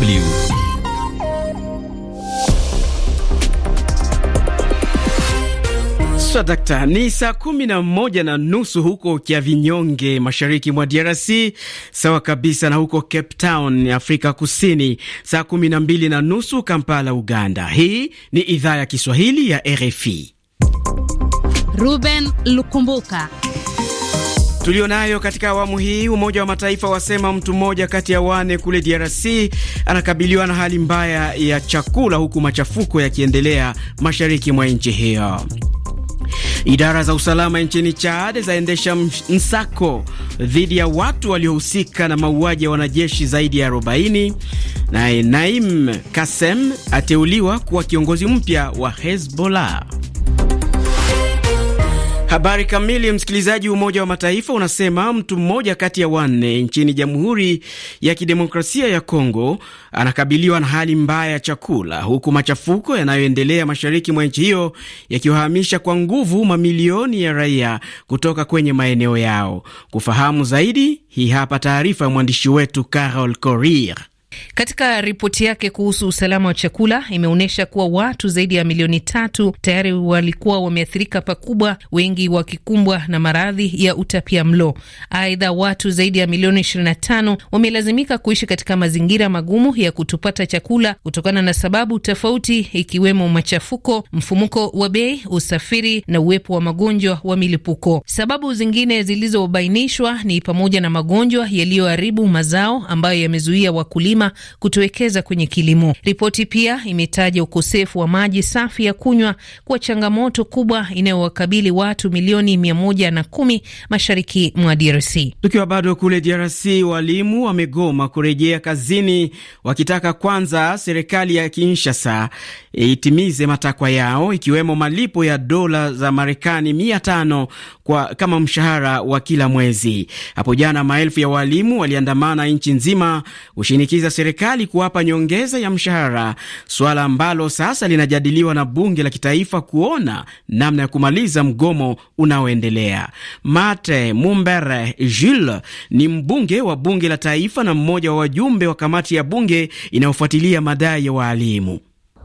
DW. So, dakta ni saa kumi na moja na nusu huko Kiavinyonge mashariki mwa DRC, sawa kabisa na huko Cape Town Afrika Kusini, saa kumi na mbili na nusu Kampala Uganda. Hii ni idhaa ya Kiswahili ya RFI. Ruben Lukumbuka tulio nayo katika awamu hii. Umoja wa Mataifa wasema mtu mmoja kati ya wane kule DRC anakabiliwa na hali mbaya ya chakula, huku machafuko yakiendelea mashariki mwa nchi hiyo. Idara za usalama nchini Chad zaendesha msako dhidi ya watu waliohusika na mauaji ya wanajeshi zaidi ya 40. Naye Naim Kasem ateuliwa kuwa kiongozi mpya wa Hezbollah. Habari kamili, msikilizaji. Umoja wa Mataifa unasema mtu mmoja kati ya wanne nchini Jamhuri ya Kidemokrasia ya Kongo anakabiliwa na hali mbaya ya chakula, huku machafuko yanayoendelea mashariki mwa nchi hiyo yakiwahamisha kwa nguvu mamilioni ya raia kutoka kwenye maeneo yao. Kufahamu zaidi, hii hapa taarifa ya mwandishi wetu Carol Corir. Katika ripoti yake kuhusu usalama wa chakula imeonyesha kuwa watu zaidi ya milioni tatu tayari walikuwa wameathirika pakubwa, wengi wakikumbwa na maradhi ya utapia mlo. Aidha, watu zaidi ya milioni 25 wamelazimika kuishi katika mazingira magumu ya kutopata chakula kutokana na sababu tofauti, ikiwemo machafuko, mfumuko wa bei, usafiri na uwepo wa magonjwa wa milipuko. Sababu zingine zilizobainishwa ni pamoja na magonjwa yaliyoharibu mazao ambayo yamezuia wakulima wakulima kutowekeza kwenye kilimo. Ripoti pia imetaja ukosefu wa maji safi ya kunywa kuwa changamoto kubwa inayowakabili watu milioni mia moja na kumi mashariki mwa DRC. Tukiwa bado kule DRC, walimu wamegoma kurejea kazini wakitaka kwanza serikali ya Kinshasa itimize matakwa yao ikiwemo malipo ya dola za Marekani mia tano kwa kama mshahara wa kila mwezi. Hapo jana maelfu ya walimu waliandamana nchi nzima kushinikiza serikali kuwapa nyongeza ya mshahara, suala ambalo sasa linajadiliwa na bunge la kitaifa kuona namna ya kumaliza mgomo unaoendelea. Mate Mumbere Jules ni mbunge wa bunge la taifa na mmoja wa wajumbe wa kamati ya bunge inayofuatilia madai ya waalimu.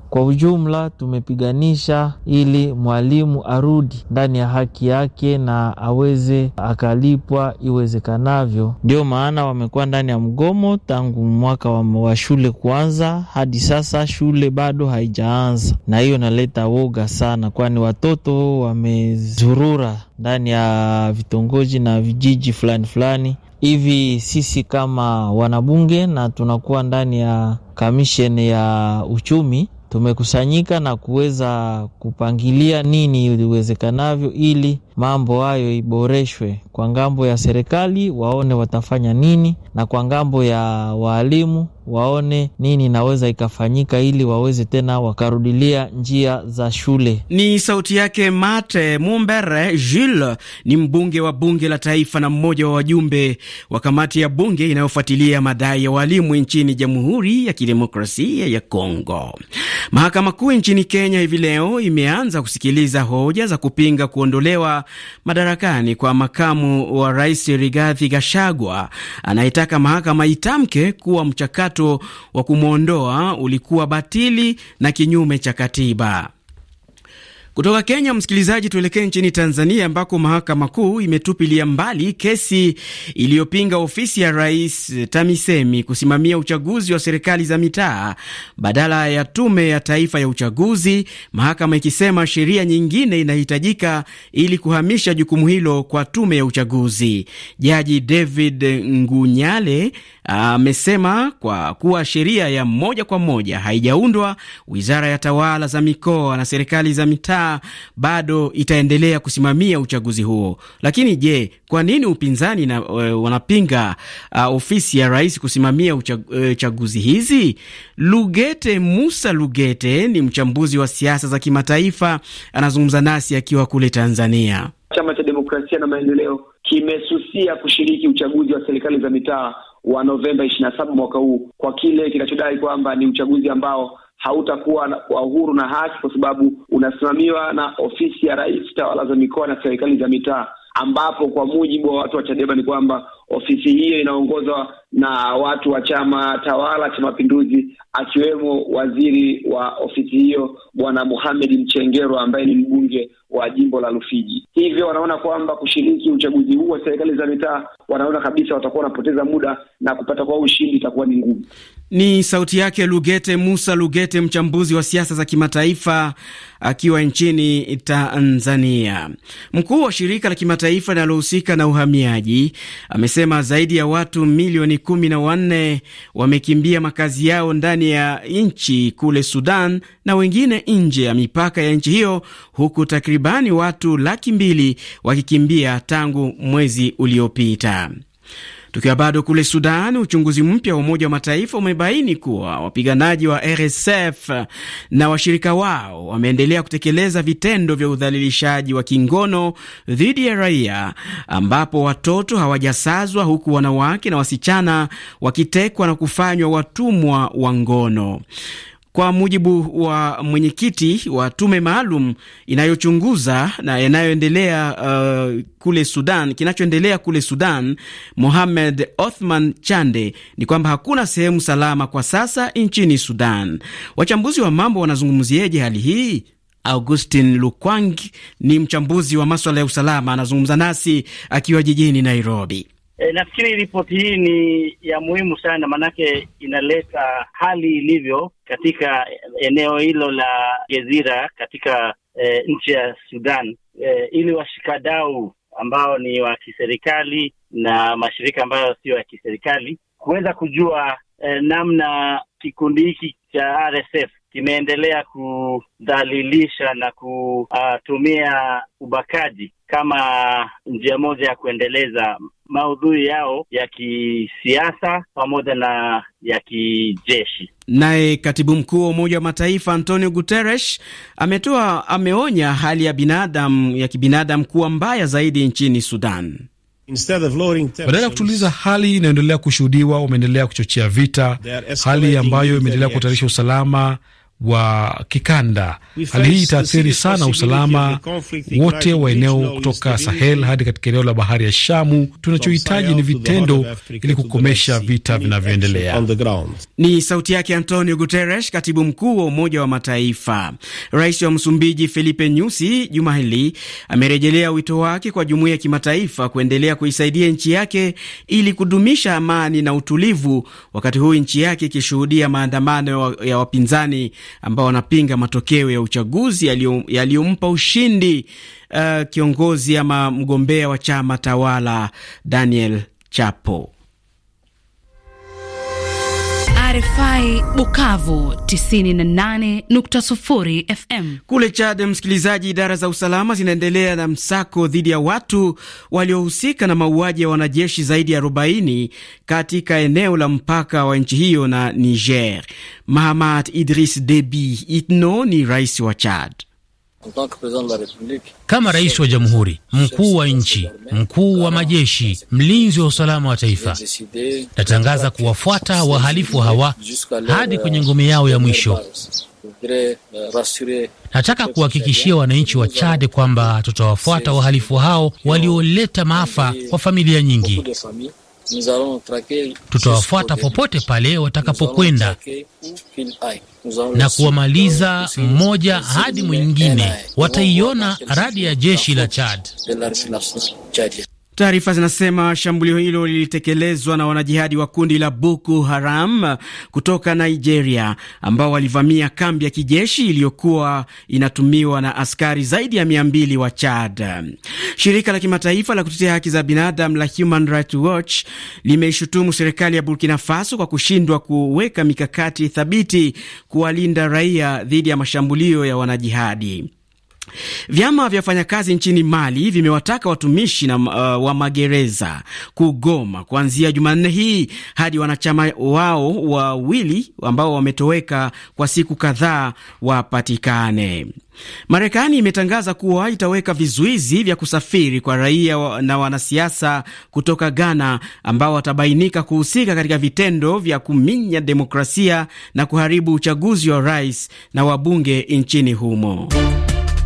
Kwa ujumla tumepiganisha ili mwalimu arudi ndani ya haki yake na aweze akalipwa iwezekanavyo. Ndio maana wamekuwa ndani ya mgomo tangu mwaka wa shule kuanza hadi sasa, shule bado haijaanza, na hiyo naleta woga sana, kwani watoto wamezurura ndani ya vitongoji na vijiji fulani fulani hivi sisi kama wanabunge na tunakuwa ndani ya kamisheni ya uchumi tumekusanyika na kuweza kupangilia nini iliwezekanavyo ili mambo hayo iboreshwe kwa ngambo ya serikali, waone watafanya nini, na kwa ngambo ya waalimu waone nini inaweza ikafanyika ili waweze tena wakarudilia njia za shule. Ni sauti yake Mate Mumbere Jules, ni mbunge wa bunge la taifa na mmoja wa wajumbe wa kamati ya bunge inayofuatilia madai ya walimu nchini Jamhuri ya Kidemokrasia ya Kongo. Mahakama Kuu nchini Kenya hivi leo imeanza kusikiliza hoja za kupinga kuondolewa madarakani kwa makamu wa rais Rigathi gashagwa anayetaka mahakama itamke kuwa mchakato wa kumwondoa ulikuwa batili na kinyume cha katiba. Kutoka Kenya, msikilizaji, tuelekee nchini Tanzania ambako mahakama kuu imetupilia mbali kesi iliyopinga ofisi ya rais TAMISEMI kusimamia uchaguzi wa serikali za mitaa badala ya tume ya taifa ya uchaguzi, mahakama ikisema sheria nyingine inahitajika ili kuhamisha jukumu hilo kwa tume ya uchaguzi. Jaji David Ngunyale amesema kwa kuwa sheria ya moja kwa moja haijaundwa, wizara ya tawala za mikoa na serikali za mitaa bado itaendelea kusimamia uchaguzi huo. Lakini je, kwa nini upinzani na, e, wanapinga uh, ofisi ya rais kusimamia uchaguzi e, chaguzi hizi? Lugete Musa Lugete ni mchambuzi wa siasa za kimataifa, anazungumza nasi akiwa kule Tanzania. Chama cha Demokrasia na Maendeleo kimesusia kushiriki uchaguzi wa serikali za mitaa wa Novemba ishirini na saba mwaka huu kwa kile kinachodai kwamba ni uchaguzi ambao hautakuwa wa uhuru na haki kwa sababu unasimamiwa na ofisi ya rais, tawala za mikoa na serikali za mitaa, ambapo kwa mujibu wa watu wa Chadema ni kwamba ofisi hiyo inaongozwa na watu wa chama tawala cha Mapinduzi, akiwemo waziri wa ofisi hiyo Bwana Mohamed Mchengerwa ambaye ni mbunge wa jimbo la Rufiji. Hivyo wanaona kwamba kushiriki uchaguzi huu wa serikali za mitaa, wanaona kabisa watakuwa wanapoteza muda na kupata kwa ushindi itakuwa ni ngumu. Ni sauti yake Lugete Musa Lugete, mchambuzi wa siasa za kimataifa akiwa nchini Tanzania. Mkuu wa shirika la kimataifa linalohusika na uhamiaji amesema zaidi ya watu milioni kumi na wanne wamekimbia makazi yao ndani ya nchi kule Sudan na wengine nje ya mipaka ya nchi hiyo, huku takribani watu laki mbili wakikimbia tangu mwezi uliopita. Tukiwa bado kule Sudan, uchunguzi mpya wa Umoja wa Mataifa umebaini kuwa wapiganaji wa RSF na washirika wao wameendelea kutekeleza vitendo vya udhalilishaji wa kingono dhidi ya raia, ambapo watoto hawajasazwa huku wanawake na wasichana wakitekwa na kufanywa watumwa wa ngono. Kwa mujibu wa mwenyekiti wa tume maalum inayochunguza na yanayoendelea uh, kule Sudan, kinachoendelea kule Sudan, Mohamed Othman Chande, ni kwamba hakuna sehemu salama kwa sasa nchini Sudan. Wachambuzi wa mambo wanazungumzieje hali hii? Augustin Lukwang ni mchambuzi wa maswala ya usalama, anazungumza nasi akiwa jijini Nairobi. E, nafikiri ripoti hii ni ya muhimu sana, maanake inaleta hali ilivyo katika eneo hilo la Gezira katika e, nchi ya Sudan e, ili washikadau ambao ni wa kiserikali na mashirika ambayo sio ya kiserikali kuweza kujua e, namna kikundi hiki cha RSF kimeendelea kudhalilisha na kutumia ubakaji kama njia moja ya kuendeleza maudhui yao ya kisiasa pamoja na ya kijeshi. Naye katibu mkuu wa Umoja wa Mataifa Antonio Guterres ametoa ameonya hali ya binadamu ya kibinadamu kuwa mbaya zaidi nchini Sudan. Badala ya kutuliza hali inayoendelea kushuhudiwa, wameendelea kuchochea vita, hali ambayo imeendelea kuhatarisha usalama wa kikanda. Hali hii itaathiri sana usalama wote wa eneo kutoka Sahel hadi katika eneo la bahari ya Shamu. Tunachohitaji ni vitendo ili kukomesha vita vinavyoendelea. Ni sauti yake Antonio Guterres, katibu mkuu wa Umoja wa Mataifa. Rais wa Msumbiji Filipe Nyusi juma hili amerejelea wito wake kwa jumuiya ya kimataifa kuendelea kuisaidia nchi yake ili kudumisha amani na utulivu, wakati huu nchi yake ikishuhudia maandamano ya wapinzani ambao wanapinga matokeo ya uchaguzi yaliyompa ushindi uh, kiongozi ama mgombea wa chama tawala Daniel Chapo. RFI Bukavu 98.0 FM. Kule Chad, msikilizaji, idara za usalama zinaendelea na msako dhidi ya watu waliohusika na mauaji ya wanajeshi zaidi ya 40 katika eneo la mpaka wa nchi hiyo na Niger. Mahamat Idris Deby Itno ni rais wa Chad. Kama rais wa jamhuri, mkuu wa nchi, mkuu wa majeshi, mlinzi wa usalama wa taifa, natangaza kuwafuata wahalifu hawa hadi kwenye ngome yao ya euh, mwisho. Euh, Nataka kuhakikishia wananchi wa Chade kwamba tutawafuata wahalifu hao walioleta maafa kwa familia nyingi. Tutawafuata popote pale watakapokwenda na kuwamaliza mmoja hadi mwingine. Wataiona radi ya jeshi la Chad. Taarifa zinasema shambulio hilo lilitekelezwa na wanajihadi wa kundi la Boko Haram kutoka Nigeria ambao walivamia kambi ya kijeshi iliyokuwa inatumiwa na askari zaidi ya mia mbili wa Chad. Shirika la kimataifa la kutetea haki za binadamu la Human Rights Watch limeishutumu serikali ya Burkina Faso kwa kushindwa kuweka mikakati thabiti kuwalinda raia dhidi ya mashambulio ya wanajihadi. Vyama vya wafanyakazi nchini Mali vimewataka watumishi na, uh, wa magereza kugoma kuanzia Jumanne hii hadi wanachama wao wawili ambao wametoweka kwa siku kadhaa wapatikane. Marekani imetangaza kuwa itaweka vizuizi vya kusafiri kwa raia na wanasiasa kutoka Ghana ambao watabainika kuhusika katika vitendo vya kuminya demokrasia na kuharibu uchaguzi wa rais na wabunge nchini humo.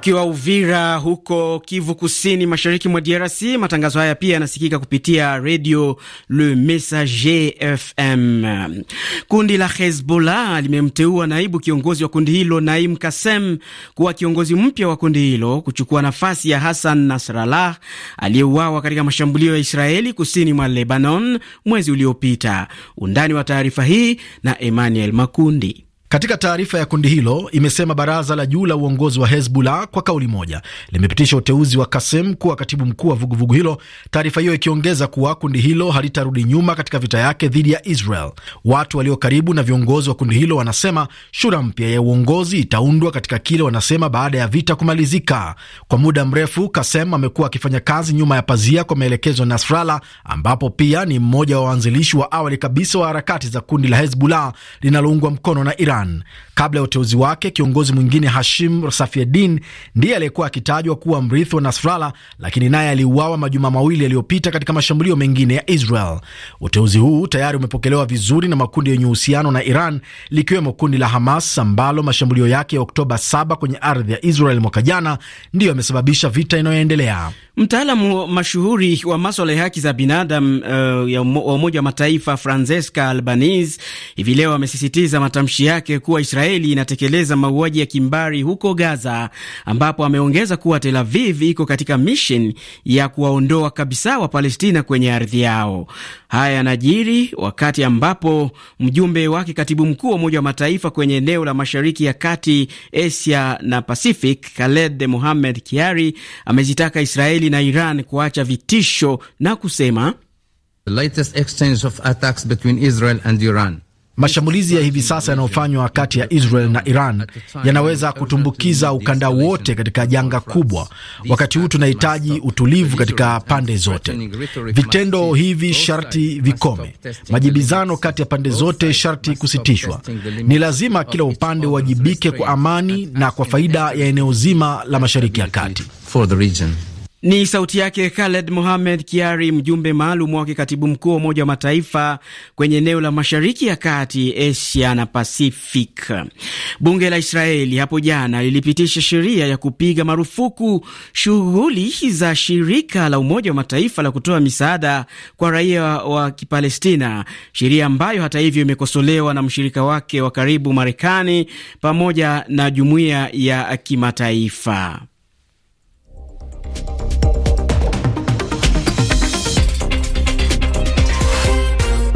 Ukiwa Uvira huko Kivu Kusini, mashariki mwa DRC. Matangazo haya pia yanasikika kupitia radio Le Messager FM. Kundi la Hezbollah limemteua naibu kiongozi wa kundi hilo Naim Kasem kuwa kiongozi mpya wa kundi hilo kuchukua nafasi ya Hassan Nasrallah aliyeuawa katika mashambulio ya Israeli kusini mwa Lebanon mwezi uliopita. Undani wa taarifa hii na Emmanuel Makundi. Katika taarifa ya kundi hilo imesema baraza la juu la uongozi wa Hezbollah kwa kauli moja limepitisha uteuzi wa Kasem kuwa katibu mkuu wa vuguvugu hilo, taarifa hiyo ikiongeza kuwa kundi hilo halitarudi nyuma katika vita yake dhidi ya Israel. Watu walio karibu na viongozi wa kundi hilo wanasema shura mpya ya uongozi itaundwa katika kile wanasema baada ya vita kumalizika. Kwa muda mrefu, Kasem amekuwa akifanya kazi nyuma ya pazia kwa maelekezo ya nasrala ambapo pia ni mmoja wa waanzilishi wa awali kabisa wa harakati za kundi la Hezbollah linaloungwa mkono na Iran. Iran. Kabla ya uteuzi wake, kiongozi mwingine Hashim Safiedin ndiye aliyekuwa akitajwa kuwa mrithi wa nasrala lakini naye aliuawa majuma mawili yaliyopita katika mashambulio mengine ya Israel. Uteuzi huu tayari umepokelewa vizuri na makundi yenye uhusiano na Iran, likiwemo kundi la Hamas ambalo mashambulio yake ya Oktoba 7 kwenye ardhi ya Israel mwaka jana ndiyo yamesababisha vita inayoendelea. Mtaalamu mashuhuri wa maswala ya haki za binadamu uh, wa Umoja wa Mataifa Francesca Albanese hivi leo amesisitiza matamshi yake yake kuwa Israeli inatekeleza mauaji ya kimbari huko Gaza, ambapo ameongeza kuwa Tel Aviv iko katika misheni ya kuwaondoa kabisa Wapalestina kwenye ardhi yao. Haya yanajiri wakati ambapo mjumbe wake katibu mkuu wa Umoja wa Mataifa kwenye eneo la Mashariki ya Kati, Asia na Pacific, Khaled Mohamed Kiari amezitaka Israeli na Iran kuacha vitisho na kusema The latest exchange of attacks between Israel and Iran Mashambulizi ya hivi sasa yanayofanywa kati ya Israel na Iran yanaweza kutumbukiza ukanda wote katika janga kubwa. Wakati huu tunahitaji utulivu katika pande zote. Vitendo hivi sharti vikome, majibizano kati ya pande zote sharti kusitishwa. Ni lazima kila upande uwajibike kwa amani na kwa faida ya eneo zima la Mashariki ya Kati. Ni sauti yake Khaled Mohamed Kiari, mjumbe maalum wa katibu mkuu wa Umoja wa Mataifa kwenye eneo la mashariki ya kati, Asia na Pacific. Bunge la Israeli hapo jana lilipitisha sheria ya kupiga marufuku shughuli za shirika la Umoja wa Mataifa la kutoa misaada kwa raia wa Kipalestina, sheria ambayo hata hivyo imekosolewa na mshirika wake wa karibu Marekani pamoja na jumuiya ya kimataifa.